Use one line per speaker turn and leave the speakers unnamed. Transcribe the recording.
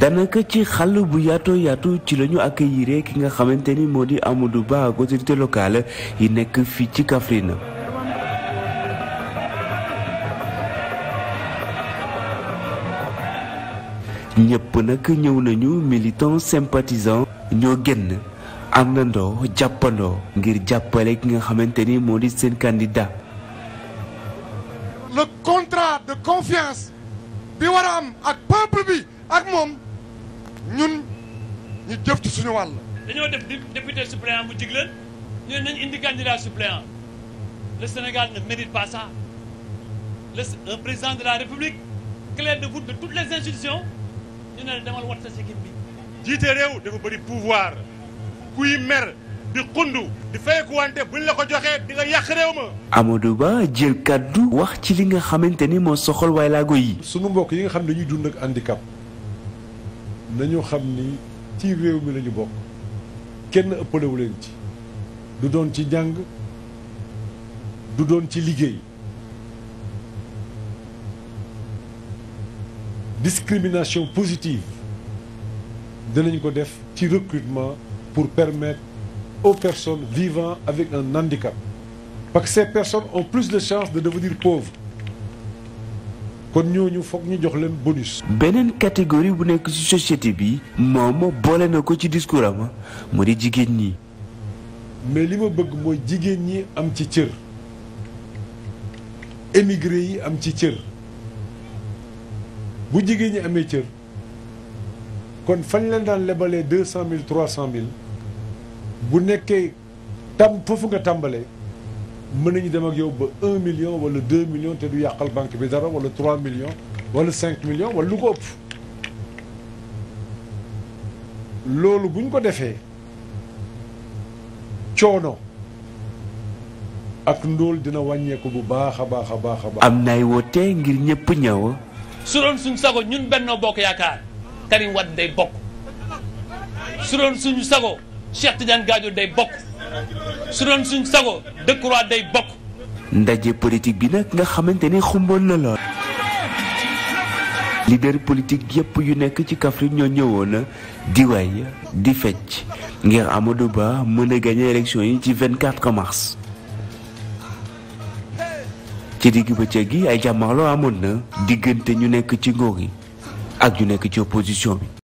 daanaka ci xàll bu yaato yaatu ci lañu ak accueillir ki nga xamante ni moo di Amadou Ba ak autorité locale yi nekk fii ci kafrina ñëpp nag ñëw nañu militant sympathisant ñoo génn àndandoo jàppandoo ngir jàppale ki nga xamante ni moo di seen candidat.
le contrat de confiance bi war am ak peuple bi. ak moom ñun ñu jëf ci suñu wàll. dañoo def député
suppléant bu jigleen ñu ne nañ indi candidat suppléant le Sénégal ne mérite pas ça président de la République clé de voûte de toutes les institutions
ñu ne demal wat sa équipe bi. jiite réew dafa bëri pouvoir kuy mer. di xundu di fayku wante buñ la ko joxee di yàq
réew ma. Amadou Ba jël
kàddu wax ci li nga xamante ni moo soxal waay laago yi. sunu mbokk yi nga xam ne dañuy dund ak handicap. nañu xam ni ci réew mi lañu bokk kenn ëppalewu leen ci du doon ci jàng du doon ci liggéey discrimination positive dinañ ko def ci recrutement pour permettre aux personnes vivant avec un handicap parce que ces personnes ont plus de chance de devenir pauvres kon ñooñu foog ñu jox leen bonus. beneen catégorie
bu nekk ci société bi moom boole na ko ci discours am moo di jigéen ñi.
mais li ma bëgg mooy jigéen ñi am ci cër émigré yi am ci cër bu jigéen ñi amee cër kon fañ leen daan lebalee deux cent mille trois cent mille bu nekkee tam foofu nga tàmbalee. mën nañu dem ak yow ba 1 million wala 2 millions te du yàqal banque bi dara wala 3 millions wala cinq millions wala lu ko ëpp. loolu buñ ko defee coono ak ndóol dina wàññeeku bu baax a baax a baax a baax. am
naay woote ngir ñëpp ñëw.
su doon suñ sago ñun Benno Bokk Yaakaar Karim Wade day bokk su doon suñu sago Cheikh Tidiane Gadio day bokk. su doon suñ sago Decroix day bokk.
ndaje politik bi nag nga xamante ni xumboon na lool. leader politik yëpp yu nekk ci Kaffrine ñoo ñëwoon di way di fecc ngir Amadou Ba mën a gagné élection yi ci 24 mars. ci digg bëccëg gi ay jàmmarloo amoon na diggante ñu nekk ci nguur gi ak yu nekk ci opposition bi.